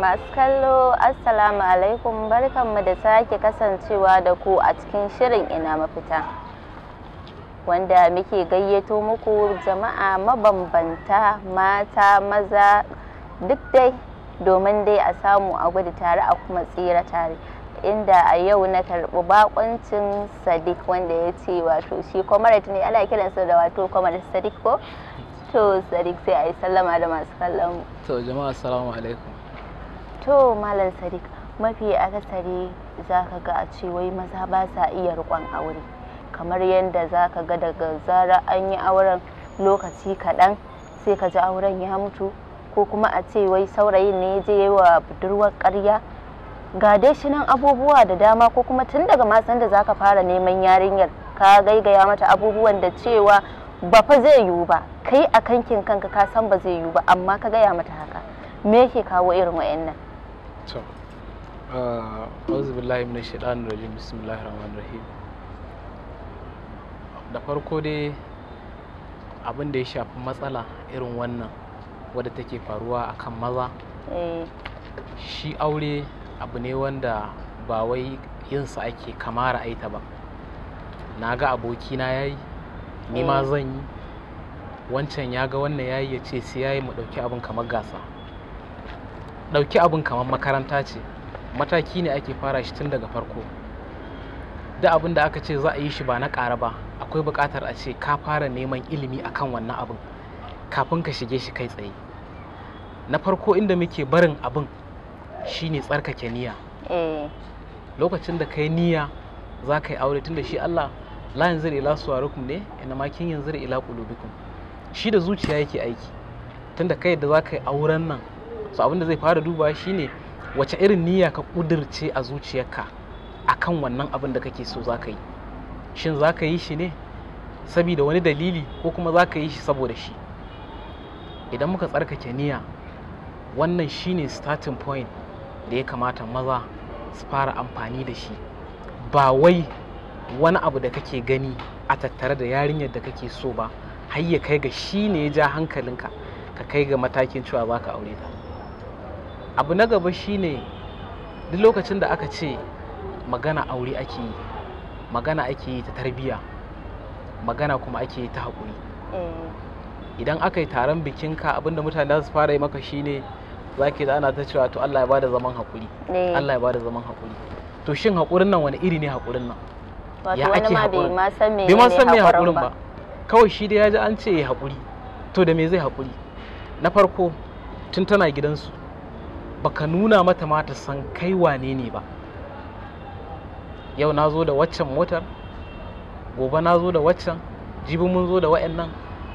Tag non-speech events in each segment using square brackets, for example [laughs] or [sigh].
masu kallo assalamu alaikum barkanmu da sake kasancewa da ku a cikin shirin ina mafita wanda muke gayyato muku jama'a mabambanta mata maza duk dai domin dai a samu a gudu tare a kuma tsira tare inda a yau na karɓi bakoncin sadiq wanda ya ce wato shi comrade ne ana kiransa da wato comrade sadiq ko to sadiq sai a yi sallama da masu kallon to jama'a assalamu alaikum to malam sadiq mafi akasari za ka ga a ce wai maza ba sa iya riƙon aure kamar yadda za ka ga daga zara an yi auren lokaci kaɗan sai ka ji auren ya mutu ko kuma a ce wai saurayin ne je wa budurwar karya ga dai shi nan abubuwa da dama ko kuma tun daga ma da za ka fara neman yarinyar ka gaigaya mata abubuwan da cewa ba fa zai yiwu ba kai a kankin kanka ka san ba zai yiwu ba amma ka gaya mata haka me yake kawo irin wayannan to uh, billahi min bismillahir rahim da farko dai abin da ya shafi matsala irin wannan wadda take faruwa akan maza eh. shi aure abu ne wanda ba wai yinsa ake kamara aita ba na ga abokina ya yi ni ma eh. zan yi wancan ya ga wannan ya yi ya ce sai ya yi mu ɗauki abin kamar gasa ɗauki abin kamar makaranta ce mataki ne ake fara shi tun daga farko da abin da aka ce za a yi shi ba na ƙara ba akwai buƙatar a ce ka fara neman ilimi akan wannan abin kafin ka shige shi kai tsaye na farko inda muke barin abin shine tsarkake niyya eh. lokacin da kai niyya za ka yi aure tun da shi Allah la yanzir ila suwarukum ne ina ma kin da ila qulubikum shi da zuciya yake aiki tun da kai da za ka yi auren nan so abinda zai fara duba shine wace irin niyya ka kudirce a zuciyarka akan wannan abin da kake so za ka yi shin za ka yi shi ne saboda wani dalili ko kuma za ka yi shi saboda shi idan muka tsarkake niyya wannan shine starting point da ya kamata maza su fara amfani da shi ba wai wani abu da kake gani a tattare da yarinyar da kake so ba har ya kai ga shi ne ya ja hankalinka ka kai ga matakin cewa za ka aure ta abu na gaba shine duk lokacin da aka ce magana aure ake yi magana ake yi ta tarbiyya magana kuma ake yi ta haƙuri eh. idan aka yi taron bikinka abinda mutane za su fara yi maka shine za ki da ana ta cewa to Allah ya bada zaman haƙuri eh. Allah ya bada zaman haƙuri to shin haƙurin nan wani iri ne haƙurin nan ya ake haƙurin bai ma san me haƙurin ba kawai shi dai ya ji an ce ya haƙuri to da me zai haƙuri na farko tun tana gidansu baka nuna mata ma ta san kai wane ne ba yau na zo da waccan motar gobe na zo da waccan jibi mun zo da wa'annan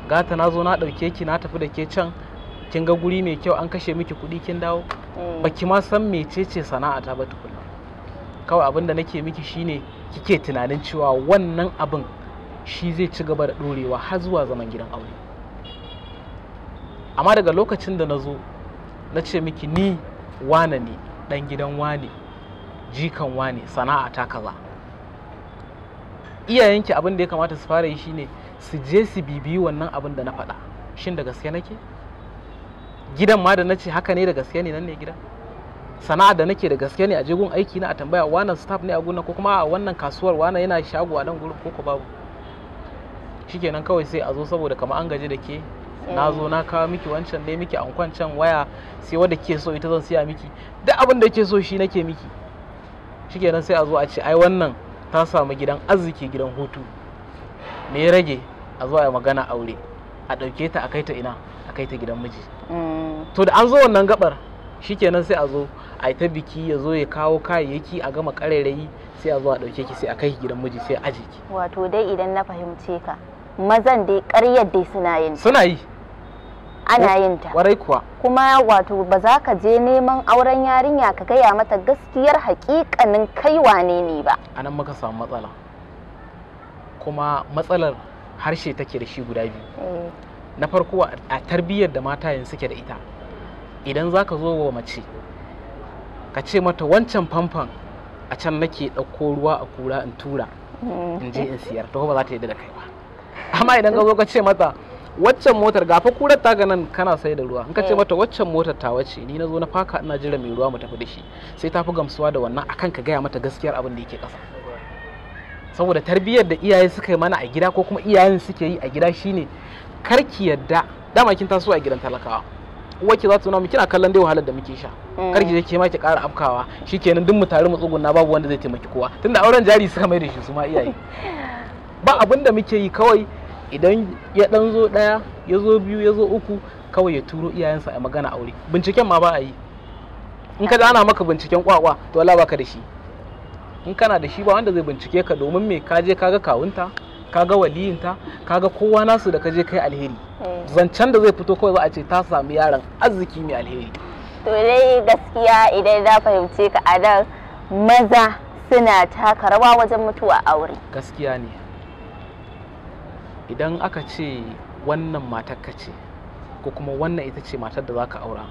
gata na zo na ɗauke ki na tafi da ke can kin ga guri mai kyau an kashe miki kuɗi kin dawo mm. baki ma san mecece sana'a ta ba tukuna kawai abin da nake miki shine kike tunanin cewa wannan abin shi zai ci gaba da ɗorewa har zuwa zaman gidan aure amma daga lokacin da na zo na ce miki ni wane ne ɗan gidan wane jikan wane sana'a ta kaza iyayenki abin da ya kamata su fara yi shine su je su bibiyi wannan abin da na faɗa shin da gaske nake gidan ma da na ce haka ne da gaske ne nan ne gidan sana'a da nake da gaske ne a jegun aiki na a tambaya wannan staff ne a gona ko kuma a wannan kasuwar wannan yana shago a nan gurin ko ku babu shikenan kawai sai a zo saboda kamar an gaji da ke na zo na kawo miki wancan dai miki an kwancan waya sai wadda ke so ita zan siya miki duk abin da ke so shi nake miki shikenan sai a zo a ce ai wannan ta samu gidan arziki gidan hutu me ya rage a zo a magana aure a ɗauke ta a kai ta ina a kai ta gidan miji mm. to da an zo wannan gabar shikenan sai a zo a ta biki ya zo ya kawo kayayyaki a gama ƙarairayi sai a zo a ɗauke ki sai a kai gidan miji sai a aje ki wato dai idan na fahimce ka mazan dai ƙaryar dai suna yin suna yi ana eh, yin ta warai kuwa kuma wato ba za ka je neman auren yarinya ka gaya mata gaskiyar hakikanin kai wane ne ba anan muka samu matsala kuma matsalar harshe take da shi guda biyu eh. na farko a tarbiyyar da mata yin suke da ita idan za ka zo wa mace ka ce mata wancan famfan a can nake ɗauko ruwa a kura in tura mm. in je in siyar ta ba za ta yi da kai ba amma idan ka zo ka ce mata waccan motar gafa kurar ta nan kana sai da ruwa in ka ce eh. mata waccan motar ta wace ni na zo na faka ina jira mai ruwa mu tafi da shi sai ta fi gamsuwa da wannan akan ka gaya mata gaskiyar abin da yake kasa saboda tarbiyyar da iyaye suka yi mana a gida ko kuma iyayen suke yi a gida shine karki yadda dama kin taso a gidan talakawa uwarki za ta nuna kina kallon dai wahalar da muke sha eh. karki je ke ma ki kara afkawa shikenan duk mu tare mu tsuguna babu wanda zai taimaki kowa tunda auren jari suka mai da shi su ma iyaye [laughs] ba abin da muke yi kawai idan ya dan zo daya ya zo biyu ya zo uku kawai ya turo iyayensa a magana aure binciken ma ba a yi in ka ana maka binciken kwakwa to Allah baka da shi in kana da shi ba wanda zai bincike ka domin me ka je kaga kawunta kaga waliyinta kaga kowa nasu da ka je kai alheri eh. zancen da zai fito kawai za a ce ta samu yaron arziki mai alheri to dai gaskiya idan za fahimce ka a maza suna taka rawa wajen mutuwa aure gaskiya ne idan aka ce wannan matar ka ce ko kuma wannan ita ce matar da za ka aura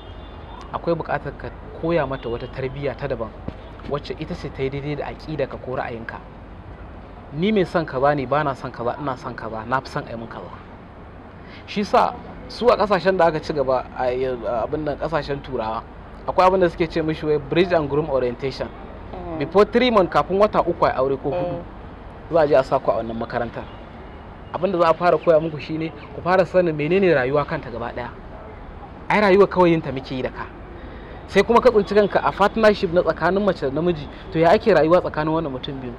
akwai buƙatar ka koya mata wata tarbiyya ta daban wacce ita ce ta yi daidai da aƙida ka ko ra'ayinka ni mai son kaza ne ba na son kaza ina son kaza na fi son aimin kaza shi sa su a kasashen da aka ci gaba a abin nan kasashen turawa akwai abin da suke ce mishi wai bridge and groom orientation mm. before three months kafin wata uku a aure ko hudu mm. za a je a sa ku a wannan makarantar abin da za a fara koya muku shine ku fara sanin menene rayuwa kanta gaba daya ai rayuwa kawai yinta muke yi da ka sai kuma ka tsinci kanka a partnership na tsakanin mace da namiji to ya ake rayuwa tsakanin wannan mutum biyu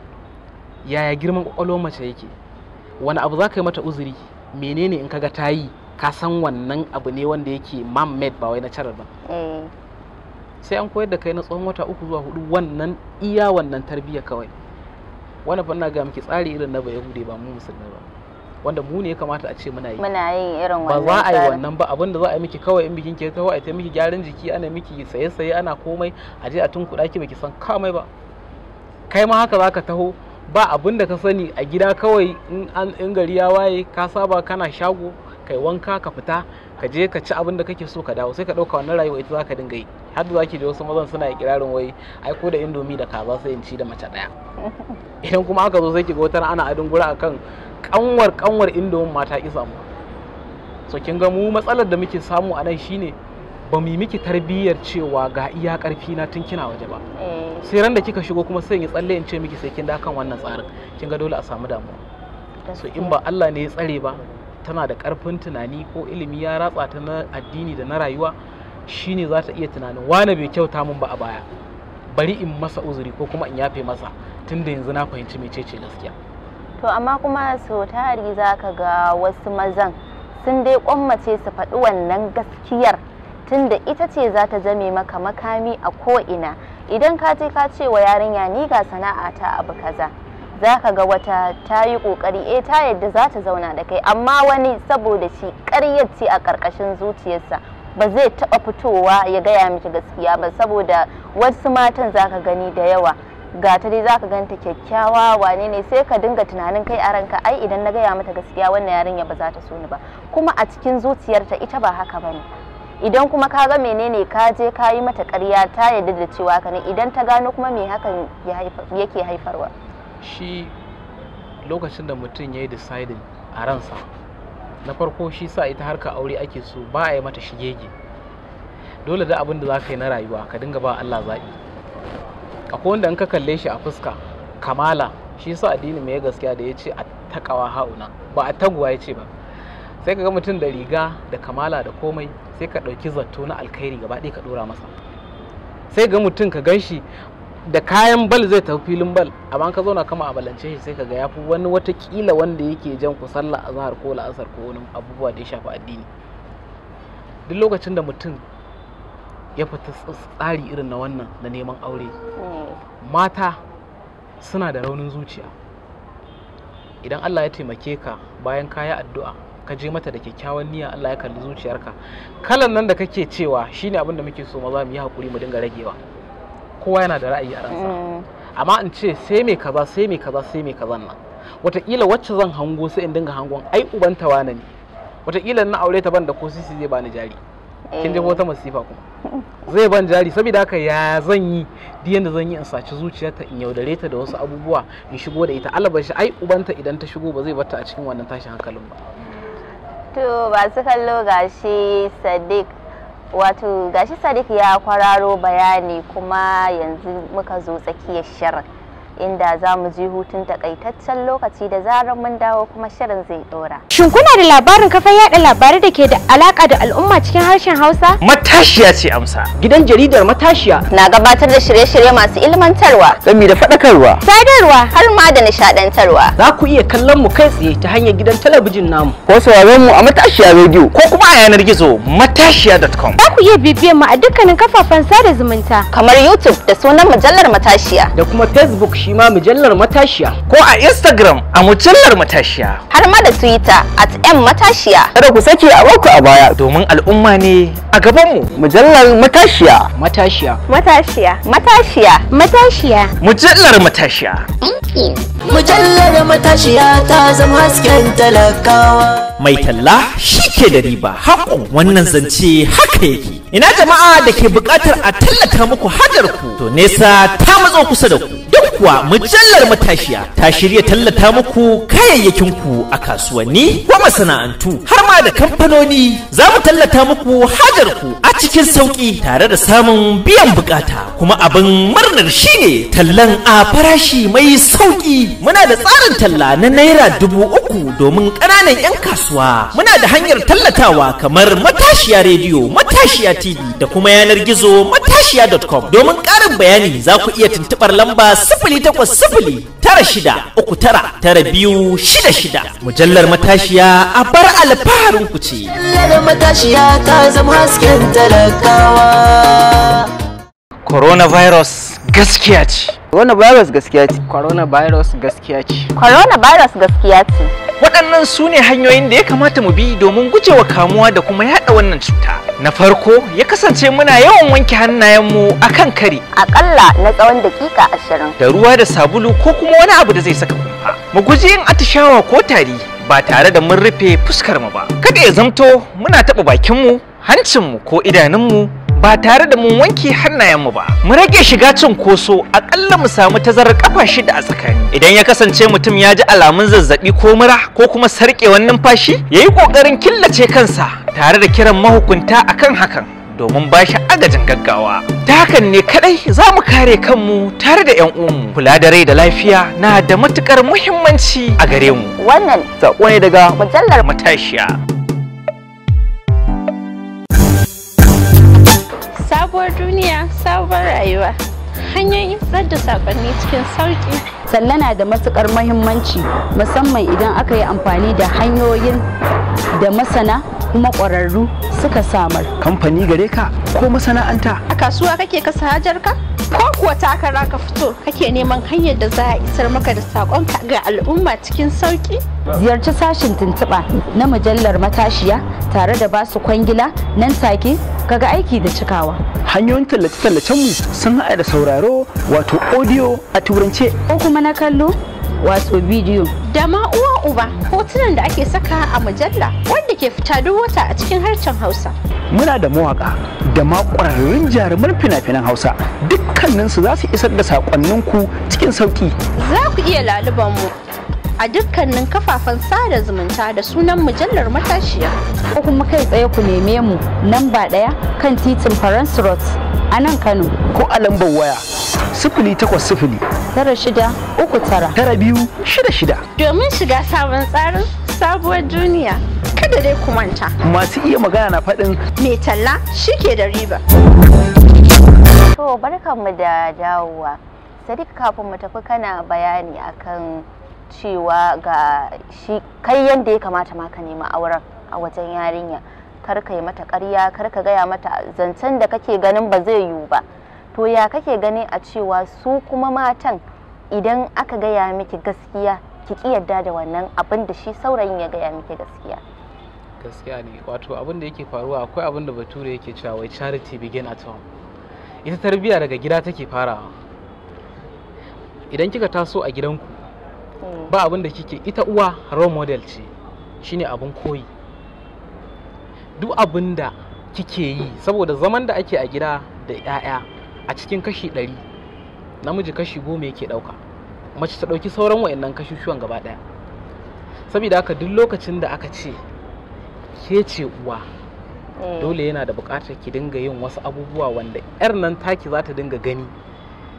yaya girman kwakwalwar mace yake wani abu za ka yi mata uzuri menene in kaga ta yi ka san wannan abu ne wanda yake man made ba wai na carar ba mm. sai an koyar da kai na tsawon wata uku zuwa hudu wannan iya wannan tarbiyya kawai wani fanna ga miki tsari irin na ba hude ba mu musulmai ba wanda mu ne ya kamata a ce muna yi muna yin irin wannan ba za a yi wannan ba abin da za a yi miki kawai in bikin ki kawai a ta miki gyaran jiki ana miki saye saye ana komai a je a tunkuɗa ki baki san kamai ba kai ma haka zaka taho ba abin da ka sani a gida kawai in in gari ya waye ka saba kana shago kai wanka ka fita ka je ka ci abin da kake so ka dawo sai ka ɗauka wannan rayuwa ita za ka dinga yi har da ki da wasu mazan suna ikirarin wai ai ko da indomi da kaza sai in ci da mace daya [laughs] idan kuma aka zo sai ki ga wata ana adin gura akan kanwar kanwar indomin mata isa. mu so kin ga mu matsalar da muke samu a nan shine ba mu yi miki tarbiyyar cewa ga iya karfi na tun kina waje ba eh. sai ran da kika shigo kuma sai in tsalle in ce miki sai kin dakan wannan tsarin kin ga dole a samu damuwa so in ba Allah ne ya tsare ba tana da karfin tunani ko ilimi ya ratsa ta na addini da na rayuwa shine za ta iya tunanin wane bai kyauta min ba a baya bari in masa uzuri ko kuma in yafe masa tunda yanzu na fahimci ce gaskiya to amma kuma sau tari za ka ga wasu mazan sun dai kwammace su faɗi wannan gaskiyar tunda ita ce za ta zame maka makami a ko'ina idan ka je ka ce wa yarinya ni ga sana'a ta abu kaza za ka ga wata ta yi ƙoƙari e ta yadda za ta zauna da kai amma wani saboda shi ƙaryar ce a ƙarƙashin zuciyarsa ba zai taɓa fitowa ya gaya miki gaskiya ba saboda wasu matan zaka gani da yawa ga ta dai zaka ganta kyakkyawa wane ne sai ka dinga tunanin kai a ranka ai idan na gaya mata gaskiya wannan yarinya ba za ta so ni ba kuma a cikin zuciyarta ita ba haka bane idan kuma ka ga menene ka je ka yi mata ƙarya ta yarda da cewa ka ne idan ta gano kuma me hakan yake haifarwa shi lokacin da mutum ya yi deciding a ransa na farko shi sa ita harka aure ake so ba a yi mata shige shigege dole da abin da za ka yi na rayuwa ka dinga ba Allah zaɓi akwai wanda in ka kalle shi a fuska kamala shi sa addini mai gaskiya da ya ce a takawa hauna ba a taguwa ya ce ba sai ka ga mutum da riga da kamala da komai sai ka ɗauki zato na alkhairi gaba ɗaya ka ɗora masa sai ga mutum ka gan shi da kayan bal zai tafi filin bal amma ka zauna kama abalance shi sai ka ga yafi wani wata kila wanda yake jan ku sallah azhar ko la'asar ko wani abubuwa da ya shafi addini duk lokacin da mutum ya fita tsari irin na wannan na neman aure mata suna da raunin zuciya idan Allah ya taimake ka bayan kayi addu'a ka je mata da kyakkyawan niyya Allah ya kalli zuciyarka kalan nan da kake cewa shine abin da muke so maza mu yi hakuri mu dinga ragewa kowa yana da ra'ayi a ransa mm. amma in ce sai mai kaza sai mai kaza sai mai kaza nan wataƙila wacce zan hango sai in dinga hangon ai ubanta wane ne wataƙila na aure ta ban da ko sisi zai bani jari kin je eh. wata masifa kuma zai ban jari saboda haka ya zan yi duk yanda zan yi in saci zuciyarta in yaudare ta da wasu abubuwa in shigo da ita alabashi ai ubanta idan ta shigo ba zai bata a cikin wannan tashin hankalin ba to ba su kallo gashi sadiq wato gashi sadiq ya kwararo bayani kuma yanzu muka zo tsakiyar shirin inda za mu ji hutun takaitaccen lokaci da zarar mun dawo kuma shirin zai dora. Shin kuna da labarin kafin yaɗa labarai da ke da alaka da al'umma cikin harshen Hausa? Matashiya ce amsa. Gidan jaridar Matashiya na gabatar da shirye-shirye masu ilmantarwa, gami da faɗakarwa, sadarwa har ma da nishaɗantarwa. Za ku iya kallon mu kai tsaye ta hanyar gidan talabijin namu. Ko sauraron mu a Matashiya rediyo ko kuma a yanar gizo matashiya.com. Za ku iya bibiyan mu a dukkanin kafafen sada zumunta kamar YouTube da sunan mujallar Matashiya da kuma Facebook shi ma mujallar matashiya ko a Instagram a mujallar matashiya har ma da Twitter at m matashiya kada ku sake a baku a baya domin al'umma ne a gaban mu mujallar matashiya matashiya matashiya matashiya matashiya mujallar matashiya mujallar matashiya ta zama hasken talakawa mai talla shi ke da riba haƙo wannan zance haka yake ina jama'a da ke buƙatar a tallata muku hajar ku to nesa ta matso kusa da ku kuwa mujallar matashiya ta shirya tallata muku kayayyakin ku a kasuwanni ko masana'antu har manoma da kamfanoni za mu tallata muku hajar ku a cikin sauƙi tare da samun biyan bukata kuma abin murnar shine tallan a farashi mai sauƙi muna da tsarin talla na naira dubu uku domin ƙananan 'yan kasuwa muna da hanyar tallatawa kamar matashiya rediyo matashiya tv da kuma yanar gizo matashiya.com domin ƙarin bayani za ku iya tuntuɓar lamba sifili takwas sifili tara shida uku tara tara biyu shida shida mujallar matashiya a bar alfa jarin ku ce zama hasken talakawa coronavirus gaskiya ce coronavirus gaskiya ce coronavirus gaskiya ce coronavirus gaskiya ce waɗannan su ne hanyoyin da ya kamata mu bi domin gujewa kamuwa da kuma yaɗa wannan cuta na farko ya kasance muna yawan wanke hannayenmu a kan kare aƙalla na tsawon daƙiƙa ashirin da ruwa da sabulu ko kuma wani abu da zai saka kumfa mu guji yin atishawa ko tari ba tare da mun rufe fuskar mu ba kada ya zamto muna taɓa bakinmu hancinmu ko idanun mu ba tare da mun wanke hannayen mu ba mu rage shiga a akalla mu samu tazarar kafa shida a tsakani idan ya kasance mutum ya ji alamun zazzabi ko mura ko kuma sarƙewar numfashi yayi yi ƙoƙarin killace kansa tare da kiran mahukunta akan hakan domin ba shi agajin gaggawa ta hakan ne kadai za mu kare kanmu tare da yan uwanmu kula da rai da lafiya na da matukar muhimmanci a gare mu wannan sako ne daga mujallar matashiya sabuwar duniya sabuwar rayuwa hanyoyin isar da sakonni cikin sauki sallana da matukar muhimmanci musamman idan aka yi amfani da hanyoyin da masana kuma ƙwararru suka samar kamfani gare ka ko masana'anta a kasuwa kake kasa hajar ka ko kuwa takara ka fito kake neman hanyar da za a isar maka da saƙonka ga al'umma cikin sauki ziyarci sashin tuntuɓa na mujallar matashiya tare da basu kwangila nan take kaga aiki da cikawa hanyoyin tallace-tallacen mu sun haɗa da sauraro wato audio a turance ko kuma na kallo wato bidiyo da ma uwa uba hotunan da ake saka a mujalla wanda ke fita duk wata a cikin harshen hausa muna da mawaka da ma ƙwararrun jaruman fina-finan hausa dukkaninsu za su isar da ku cikin sauƙi za ku iya laluban mu a dukkanin kafafen sada zumunta da sunan mujallar matashiya ko kuma kai tsaye ku neme mu nan ba ɗaya kan titin faransu a nan Kano. Ko a lambar waya sifili takwas sifili. Tara shida uku tara. Tara biyu shida shida. Domin shiga sabon tsarin sabuwar duniya. Kada dai kumanta. Masu iya magana na faɗin. Mai talla shi ke da riba. To mu da dawowa. Sadiq kafin mu tafi kana bayani akan cewa ga shi kai yanda ya kamata ma ka nema auren a wajen yarinya. kar ka yi mata ƙarya kar ka gaya mata zancen da kake ganin ba zai yiwu ba to ya kake gani a cewa su kuma matan idan aka gaya miki gaskiya ki ki yadda da wannan abin da shi saurayin ya gaya miki gaskiya gaskiya ne wato abin da yake faruwa akwai abin da bature yake cewa wai charity begin at home ita tarbiyya daga gida take farawa idan kika taso a gidanku hmm. ba abin da kike ita uwa role model ce shine abin koyi duk abin da kike yi saboda zaman da ake a gida da 'ya'ya a cikin kashi ɗari namiji kashi goma yake ɗauka mace ta ɗauki sauran wa'annan kashushuwan gaba ɗaya saboda haka duk lokacin da aka ce ke ce uwa mm. dole yana da bukatar ki dinga yin wasu abubuwa wanda 'yar nan taki za ta dinga gani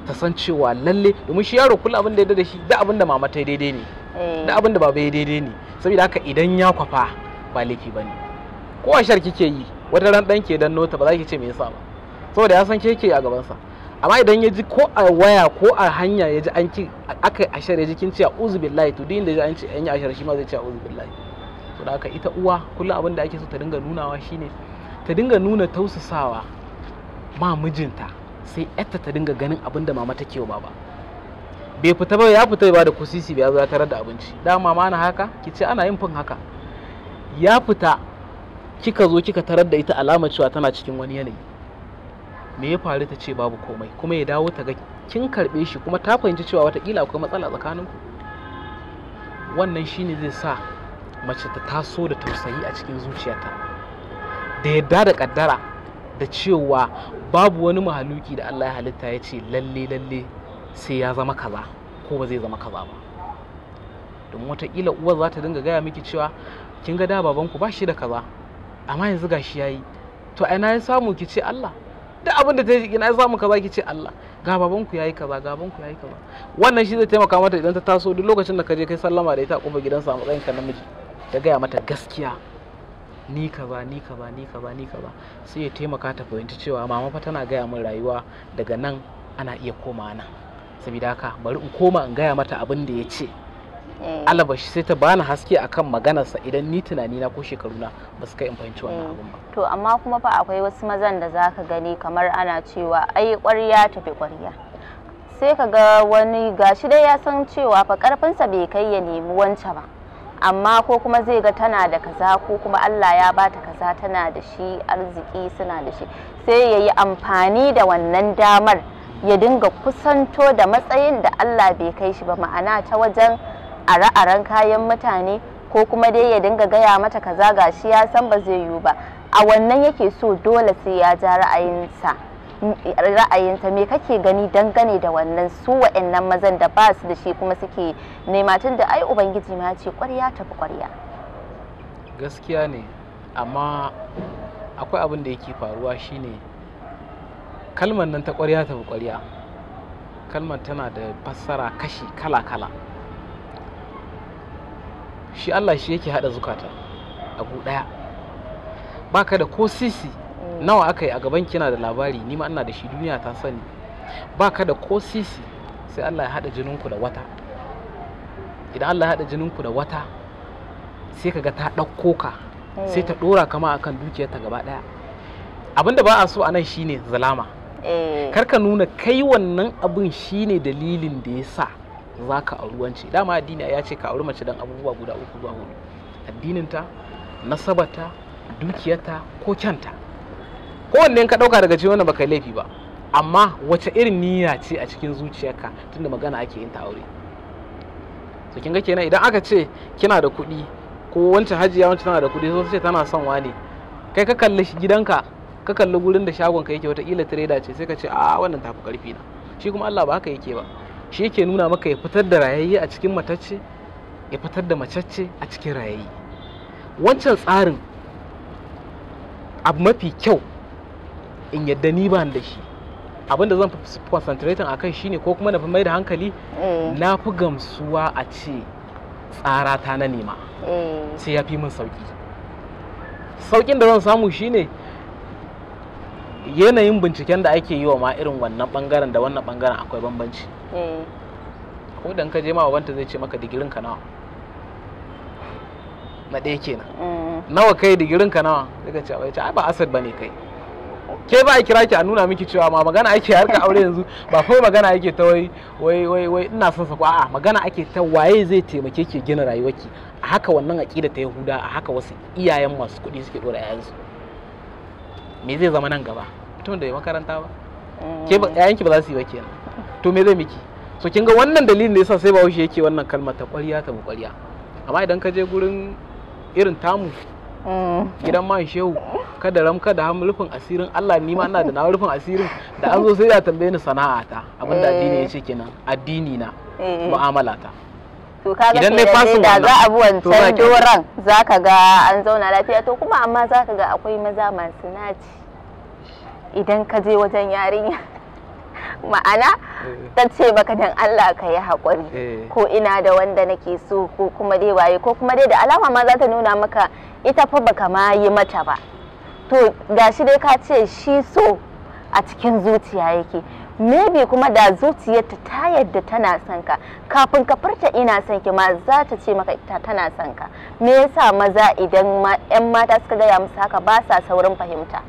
ta san cewa lalle domin shi yaro kula abin da ya da shi da abin da mama ta daidai ne mm. da abin da baba ya daidai ne saboda haka idan ya kwafa ba laifi bane ko a shar kike yi wata ran dan ke dan nota ba za ki ce me yasa ba saboda ya san ke ke a gabansa amma idan ya ji ko a waya ko a hanya ya ji an ki aka ashar ya ji kin ce a uzu billahi to din da ya ji an ce an yi ashar shi ma zai ce a uzu billahi to da haka ita uwa kullum abin da ake so ta dinga nunawa shine ta dinga nuna tausasawa ma mijinta sai yarta ta dinga ganin abin da mama take ba ba bai fita ba ya fita ba da kusisi ba ya zo ya tarar da abinci da mama na haka ki ce ana yin fin haka ya fita kika zo kika tarar da ita alama cewa tana cikin wani yanayi me ya faru ta ce babu komai kuma ya dawo ta ga kin karɓe shi kuma ta fahimci cewa watakila akwai matsala tsakaninku wannan shine zai sa mace ta taso da tausayi a cikin zuciyarta da yadda da kaddara da cewa babu wani mahaluki da Allah ya halitta ya ce lalle lalle sai ya zama kaza ko ba zai zama kaza ba domin watakila uwar za ta dinga gaya miki cewa kin ga da babanku ba shi da kaza amma yanzu gashi yayi to ai na samu ki ce Allah duk abin da ki na samu kaza ki ce Allah ga baban ku yayi kaza baban ku yayi kaza wannan shi zai taimaka mata idan ta taso duk lokacin da ka je kai sallama da ita a kofar gidansa a matsayin ka namiji ta gaya mata gaskiya ni kaza ni kaza ni kaza ni kaza sai ya taimaka ta fahimci cewa mama fa tana gaya min rayuwa daga nan ana iya koma nan saboda haka bari in koma in gaya mata abin da ya ce Eh. alabashi sai ta bani haske akan maganarsa idan ni tunani na ko shekaru na ba su kai in fahimci wannan eh. abun ba to amma kuma fa akwai wasu mazan da zaka gani kamar ana cewa ai ƙwarya tafi ƙwarya sai ka ga wani gashi dai ya san cewa fa karfinsa bai kai ya nemi wancan ba amma ko kuma zai ga tana da kaza ko kuma Allah ya bata kaza tana da shi arziki suna da shi sai ya yi amfani da wannan damar ya dinga kusanto da matsayin da Allah bai kai shi ba ma'ana ta wajen are-aren kayan mutane ko kuma dai ya dinga gaya mata kaza ga shi ya san ba zai yiwu ba a wannan yake so dole sai ya ja ra'ayinsa ra'ayinta me kake gani dangane da wannan su wa'annan mazan da ba su da shi kuma suke nema tun da ai ubangiji ma ce kwarya tafi kwarya gaskiya ne amma akwai abin da yake faruwa shine kalmar nan ta kwarya tafi kwarya kalmar tana da fassara kashi kala-kala shi Allah shi yake hada zukata a gu daya ka da ko sisi mm. nawa aka yi a gaban kina da labari ni ma ina da shi duniya ta sani baka da ko sisi sai Allah ya hada jininku da wata idan Allah ya hada jininku da wata sai ga ta ɗauko ka mm. sai ta ɗora kama akan dukiyar ta gaba ɗaya abinda ba a so anan shine zalama eh. kar ka nuna kai wannan abin shine dalilin da ya sa za ka auri wance dama addini ya ce ka auri mace dan abubuwa guda uku zuwa hudu addininta nasabata dukiyata ko kyanta kowanne ka dauka daga cikin wannan baka laifi ba amma wace irin niyya ce a cikin zuciyarka tunda magana ake yin ta aure to kin ga kenan idan aka ce kina da kuɗi ko wancan hajiya wancan tana da kuɗi sai ce tana son wani kai ka kalli gidanka ka kalli gurin da shagon ka yake wata ila trader ce sai ka ce a wannan tafi karfi na shi kuma Allah ba haka yake ba shi yake nuna maka ya fitar da rayayye a cikin matacce ya fitar da macacce a cikin rayayye wancan tsarin abu mafi kyau in yadda ni ba da shi abinda zan fi concentrating akan shine ko kuma na fi mai da hankali eh. na fi gamsuwa a ce tsara ta na nema eh. sai ya fi min sauki saukin da zan samu shine yanayin binciken da ake yi wa ma irin wannan bangaren da wannan bangaren akwai bambanci Eh. ko dan ka je ma babanta zai ce maka digirin ka nawa na ɗaya kenan mm. nawa kai digirin ka nawa daga ce bai ce ai ba asad bane kai ke ba a kira ki a nuna miki cewa ma magana ake harka aure yanzu ba kawai magana ake ta wai wai wai wai ina son sako a'a magana ake ta waye zai taimake ki gina rayuwarki a haka wannan aqida ta yahuda a haka wasu iyayen masu kuɗi suke dora yayansu me zai zama nan gaba mutum da ya makaranta ba ke ba yayanki mm. ba za su yi ba kenan to me zai miki so kin ga wannan dalilin da yasa sai bahaushe yake wannan kalma ta ƙwarya ta ƙwarya amma idan ka je gurin irin tamu gidan man shehu kada ram kada ham rufin asirin Allah ni ma ina da na rufin asirin da an zo sai da tambaye ni sana'a ta abin da addini yace kenan addini na eh. mu'amala ta to kaga idan ne fasu da za a bi wancan doran zaka ga an zauna lafiya to kuma amma zaka ga akwai maza masu naci idan ka je wajen yarinya ma'ana eh. ta ce maka dan Allah ka yi haƙuri eh. ko ina da wanda nake so ko kuma dai waye ko kuma dai da alama ma za ta nuna maka ita fa baka ma yi mata ba to gashi dai ka ce shi so a cikin zuciya yake maybe kuma da zuciyarta ta yadda tana son ka kafin ka furta ina son ki ma za ta ce maka ita tana son ka me yasa maza idan ma yan mata suka gaya musu haka ba sa saurin fahimta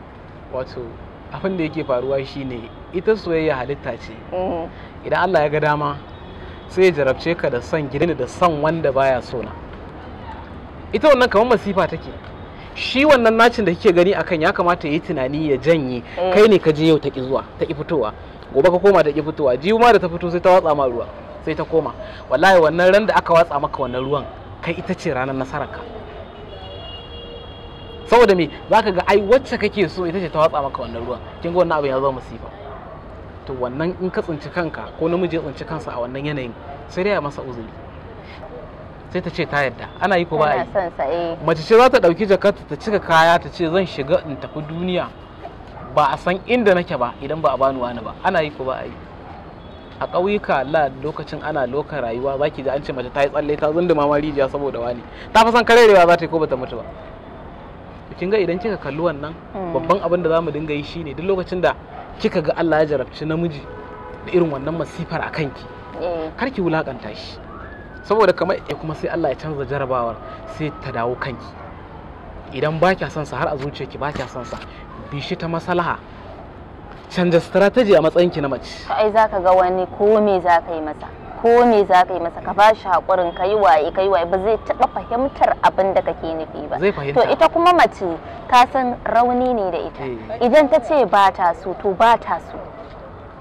wato abin da yake faruwa shine ita soyayya halitta ce mm. idan Allah ya ga dama sai ya jarabce ka da son gidan da son wanda baya so na ita wannan kamar masifa take shi wannan nacin da kike gani akan ya kamata yi tunani ya janye mm. kai ne ka je yau ta ki zuwa ta ki fitowa gobe ka koma ta ki fitowa jiwu ma da ta fito sai ta watsa ma ruwa sai ta koma wallahi wannan ran da aka watsa maka wannan ruwan kai ita ce ranar nasarar ka saboda me zaka ga ai wacce kake so ita ce ta watsa maka wannan ruwan kin ga wannan abin ya zama masifa to wannan in ka tsinci kanka ko namiji ya tsinci kansa a wannan yanayin sai dai a masa uzuri sai ta ce ta yadda ana yi ko ba a yi eh. mace ce za ta ɗauki jakarta ta cika kaya ta ce zan shiga in tafi duniya ba a san inda nake ba idan ba a bani wani ba ana yi ko ba a yi a ƙauyuka la lokacin ana loka rayuwa za ki ji an ce mace ta yi tsalle ta zunduma ma rijiya saboda wani ta fa san karerewa za ta yi ko bata mutu ba kin ga idan kika kalli wannan hmm. babban abin da za dinga yi shine duk lokacin da kika ga Allah ya jarabci namiji da irin wannan masifar a kanki eh. kar ki wulakanta shi saboda kamar ya eh, kuma sai Allah ya canza jarabawar sai ta dawo kanki idan ba kya son sa har a zuciyarki ba kya son sa bi shi ta maslaha canza strategy a matsayin ki na mace ai zaka ga wani ko me zaka yi masa ko me za ka yi masa ka bashi haƙurin ka yi waye ka yi waye ba zai taɓa fahimtar abin da kake nufi ba to ita kuma mace ka san rauni ne da ita eh. idan ta ce ba ta so to ba ta so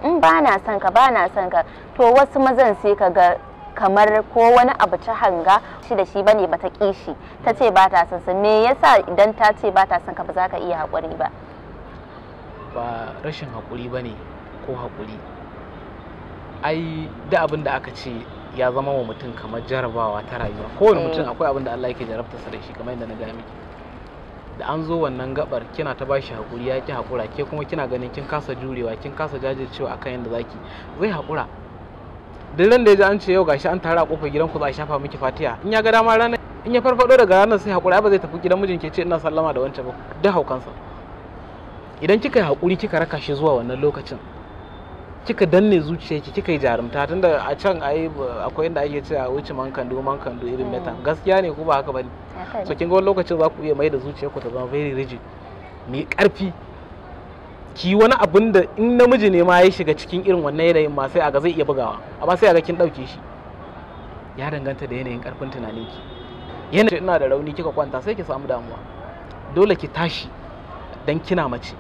in ba na son ka ba na son ka to wasu mazan sai ka ga kamar ko wani abu ta hanga shi da shi bane bata kishi shi ta ce ba ta son me yasa idan ta ce ba ta son ka ba za ka iya haƙuri ba ba rashin haƙuri bane ko haƙuri ai da abin da aka ce ya zama wa mutum kamar jarabawa ta rayuwa kowane mm. mutum akwai abin da Allah yake jarabta sa da shi kamar yadda na gaya miki da an zo wannan gabar kina ta bashi hakuri ya ki hakura ke kuma kina ganin kin kasa jurewa kin kasa jajircewa akan yadda zaki zai hakura duk ran da ya ji an ce yau gashi an tara a gidan ku za a shafa miki fatiya in ya ga dama ranar in ya farfado daga ranar sai hakura ba zai tafi gidan mijin ke ce ina sallama da wancan ba da haukansa idan kika yi hakuri kika raka shi zuwa wannan lokacin kika danne ki kika yi jarumta tunda a can ai akwai inda ake cewa wuce man kando man kando irin meta mm. gaskiya ne ko ba haka bane so kin ga wani lokacin za ku iya mai da ku ta zama very rigid mai karfi ki wani abun da in namiji ne ma ya shiga cikin irin wannan yanayin ma sai a ga zai iya bugawa amma sai a ga kin dauke shi ya danganta da yanayin karfin tunaninki yana ina da rauni kika kwanta sai ki samu damuwa dole ki tashi dan kina mace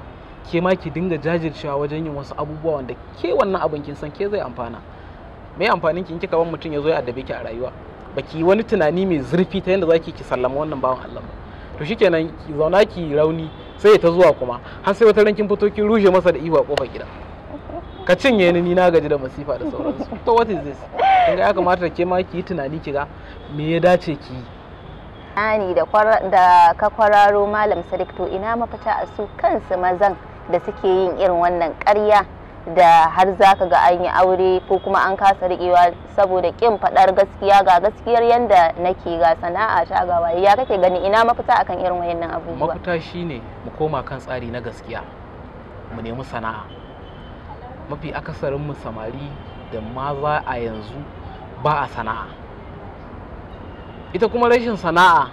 ke ma ki dinga jajircewa wajen yin wasu abubuwa wanda ke wannan abin kin san ke zai amfana me amfanin in kika ban mutum ya zo ya addabe ki a rayuwa baki wani tunani mai zurfi ta yanda zaki ki sallama wannan bawan Allah ba to shikenan ki zauna ki rauni sai ta zuwa kuma har sai wata ran fito ki rushe masa da iwa kofar gida ka cinye ni ni na gaji da masifa da sauransu to what is this kin ga ya kamata ke ma ki yi tunani kiga me ya dace ki yi da ka kwararo malam sadiq to ina mafita a su kansu mazan da suke yin irin wannan karya da har za ka ga an yi aure ko kuma an kasa riƙewa saboda ƙin faɗar gaskiya ga gaskiyar yanda nake ga sana'a ta ga waye ya kake gani ina mafita akan irin wayannan abubuwa mafita shine mu koma kan tsari na gaskiya mu nemi sana'a mafi akasarin mu samari da maza a yanzu ba a sana'a ita kuma rashin sana'a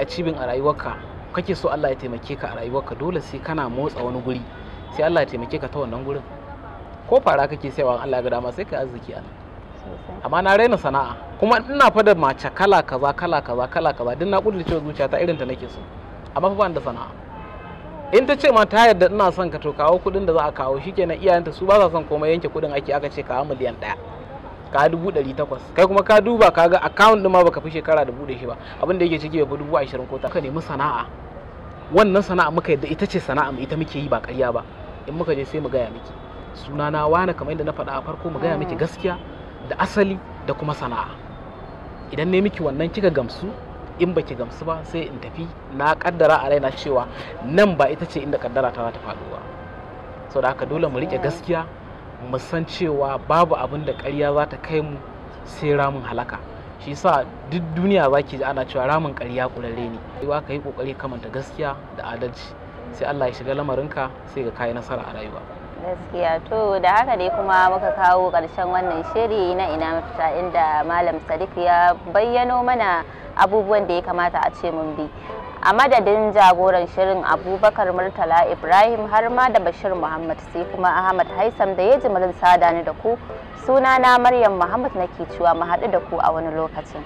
a cibin a rayuwarka kake so Allah ya taimake ka a rayuwarka dole sai kana motsa wani guri sai Allah ya taimake ka ta wannan gurin ko fara kake sayawa Allah ya ga dama sai ka arziki a amma na raina sana'a kuma ina fa da mace kala kaza kala kaza kala kaza duk na zuciya zuciyata irin ta nake so amma fa ba da sana'a in ta ce ma ta yarda ina son ka to kawo kudin da za a kawo shikenan iyayenta su ba sa son komai yanke kudin ake aka ce kawo miliyan ɗaya ka dubu ɗari takwas kai kuma ka duba ka ga account ɗin ma baka fi shekara da buɗe shi ba abin da yake ciki ya fi dubu ashirin ko ta ka nemi sana'a wannan sana'a muka yadda ita ce sana'a ita muke yi ba ƙarya ba in muka je sai mu gaya miki suna na wani kamar yadda na faɗa a farko mu gaya miki mm. gaskiya da asali da kuma sana'a idan ne miki wannan kika gamsu in baki gamsu ba sai in tafi na kaddara a raina cewa nan ba ita ce inda kaddara ta za ta faɗo ba sau da haka dole mu rike gaskiya mu san cewa babu abin da ƙarya za ta kai mu sai ramin halaka shi sa duk duniya za ki ji ana cewa ramin ƙarya ƙurare ne rayuwa ka yi ƙoƙari kamanta gaskiya da adalci sai Allah ya shiga lamarinka sai ka kayi nasara a rayuwa gaskiya to da haka dai kuma muka kawo ƙarshen wannan shiri na ina mafita inda malam sadiq ya bayyano mana abubuwan da ya kamata a ce mun bi a madadin jagoran shirin abubakar murtala ibrahim har ma da bashir muhammad sai kuma ahmad haisam da ya murin sada ni da ku sunana maryam muhammad nake cewa mu haɗu da ku a wani lokacin